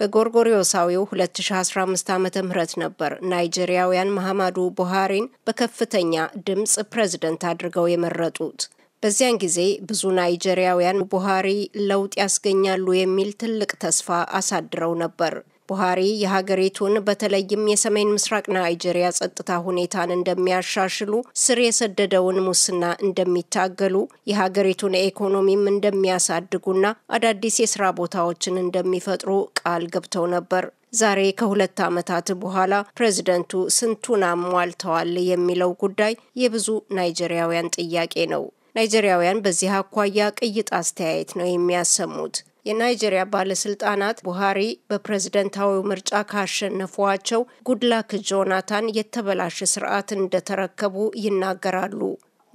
በጎርጎሪዮሳዊው 2015 ዓ ም ነበር ናይጄሪያውያን መሐማዱ ቡሃሪን በከፍተኛ ድምፅ ፕሬዝደንት አድርገው የመረጡት። በዚያን ጊዜ ብዙ ናይጄሪያውያን ቡሃሪ ለውጥ ያስገኛሉ የሚል ትልቅ ተስፋ አሳድረው ነበር። ቡሃሪ የሀገሪቱን በተለይም የሰሜን ምስራቅ ናይጄሪያ ጸጥታ ሁኔታን እንደሚያሻሽሉ፣ ስር የሰደደውን ሙስና እንደሚታገሉ፣ የሀገሪቱን ኢኮኖሚም እንደሚያሳድጉና አዳዲስ የስራ ቦታዎችን እንደሚፈጥሩ ቃል ገብተው ነበር። ዛሬ ከሁለት ዓመታት በኋላ ፕሬዝደንቱ ስንቱን አሟልተዋል የሚለው ጉዳይ የብዙ ናይጄሪያውያን ጥያቄ ነው። ናይጄሪያውያን በዚህ አኳያ ቅይጥ አስተያየት ነው የሚያሰሙት። የናይጄሪያ ባለስልጣናት ቡሃሪ በፕሬዝደንታዊው ምርጫ ካሸነፏቸው ጉድላክ ጆናታን የተበላሸ ስርዓት እንደተረከቡ ይናገራሉ።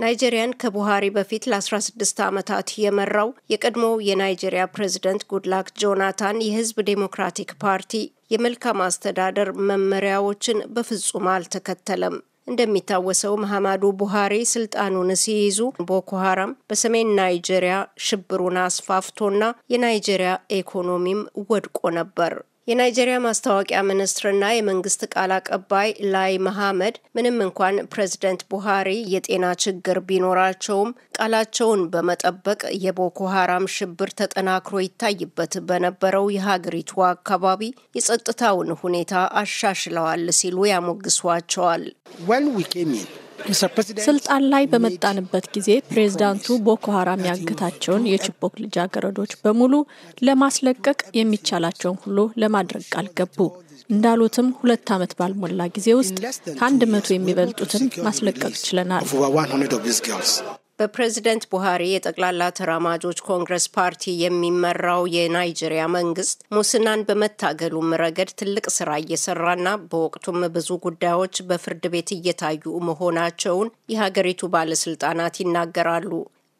ናይጄሪያን ከቡሃሪ በፊት ለ16 ዓመታት የመራው የቀድሞው የናይጄሪያ ፕሬዝደንት ጉድላክ ጆናታን የህዝብ ዴሞክራቲክ ፓርቲ የመልካም አስተዳደር መመሪያዎችን በፍጹም አልተከተለም። እንደሚታወሰው መሐማዱ ቡሃሪ ስልጣኑን ሲይዙ ቦኮ ሀራም በሰሜን ናይጄሪያ ሽብሩን አስፋፍቶና የናይጄሪያ ኢኮኖሚም ወድቆ ነበር። የናይጄሪያ ማስታወቂያ ሚኒስትርና የመንግስት ቃል አቀባይ ላይ መሐመድ ምንም እንኳን ፕሬዝደንት ቡሃሪ የጤና ችግር ቢኖራቸውም ቃላቸውን በመጠበቅ የቦኮ ሀራም ሽብር ተጠናክሮ ይታይበት በነበረው የሀገሪቱ አካባቢ የጸጥታውን ሁኔታ አሻሽለዋል ሲሉ ያሞግሷቸዋል። ስልጣን ላይ በመጣንበት ጊዜ ፕሬዝዳንቱ ቦኮ ሀራም ያገታቸውን የችቦክ ልጃገረዶች በሙሉ ለማስለቀቅ የሚቻላቸውን ሁሉ ለማድረግ ቃል ገቡ። እንዳሉትም ሁለት ዓመት ባልሞላ ጊዜ ውስጥ ከአንድ መቶ የሚበልጡትን ማስለቀቅ ችለናል። በፕሬዝደንት ቡሃሪ የጠቅላላ ተራማጆች ኮንግረስ ፓርቲ የሚመራው የናይጄሪያ መንግስት ሙስናን በመታገሉም ረገድ ትልቅ ስራ እየሰራና በወቅቱም ብዙ ጉዳዮች በፍርድ ቤት እየታዩ መሆናቸውን የሀገሪቱ ባለስልጣናት ይናገራሉ።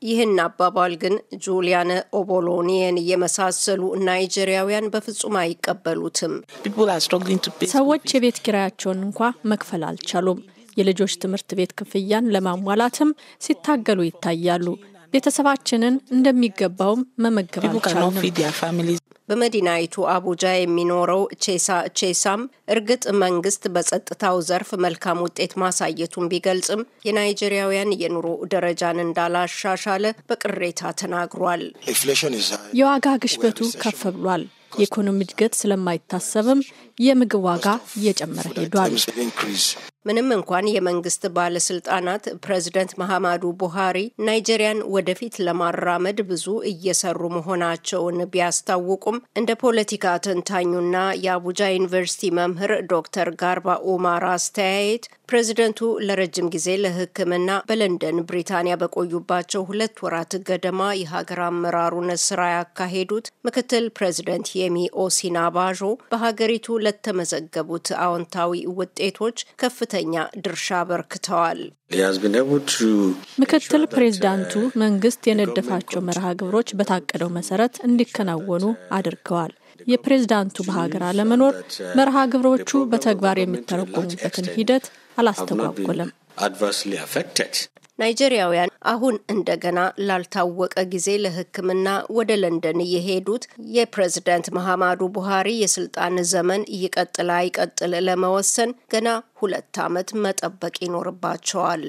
ይህን አባባል ግን ጁሊያን ኦቦሎኒየን የመሳሰሉ ናይጄሪያውያን በፍጹም አይቀበሉትም። ሰዎች የቤት ኪራያቸውን እንኳ መክፈል አልቻሉም። የልጆች ትምህርት ቤት ክፍያን ለማሟላትም ሲታገሉ ይታያሉ። ቤተሰባችንን እንደሚገባውም መመገብ አልቻልንም። በመዲናይቱ አቡጃ የሚኖረው ቼሳ ቼሳም እርግጥ መንግስት በጸጥታው ዘርፍ መልካም ውጤት ማሳየቱን ቢገልጽም የናይጄሪያውያን የኑሮ ደረጃን እንዳላሻሻለ በቅሬታ ተናግሯል። የዋጋ ግሽበቱ ከፍ ብሏል። የኢኮኖሚ እድገት ስለማይታሰብም የምግብ ዋጋ እየጨመረ ሄዷል። ምንም እንኳን የመንግስት ባለስልጣናት ፕሬዚደንት መሐማዱ ቡሃሪ ናይጄሪያን ወደፊት ለማራመድ ብዙ እየሰሩ መሆናቸውን ቢያስታውቁም እንደ ፖለቲካ ተንታኙና የአቡጃ ዩኒቨርሲቲ መምህር ዶክተር ጋርባ ኡማር አስተያየት ፕሬዚደንቱ ለረጅም ጊዜ ለሕክምና በለንደን ብሪታንያ በቆዩባቸው ሁለት ወራት ገደማ የሀገር አመራሩን ስራ ያካሄዱት ምክትል ፕሬዚደንት ኦሲና ሲናባዦ በሀገሪቱ ለተመዘገቡት አዎንታዊ ውጤቶች ከፍተኛ ድርሻ አበርክተዋል። ምክትል ፕሬዚዳንቱ መንግስት የነደፋቸው መርሃ ግብሮች በታቀደው መሰረት እንዲከናወኑ አድርገዋል። የፕሬዝዳንቱ በሀገር አለመኖር መርሃ ግብሮቹ በተግባር የሚተረጎሙበትን ሂደት አላስተጓጎለም። አድቨርስሊ አፌክትድ ናይጄሪያውያን አሁን እንደገና ላልታወቀ ጊዜ ለሕክምና ወደ ለንደን እየሄዱት የፕሬዝደንት መሐማዱ ቡሃሪ የስልጣን ዘመን ይቀጥል አይቀጥል ለመወሰን ገና ሁለት ዓመት መጠበቅ ይኖርባቸዋል።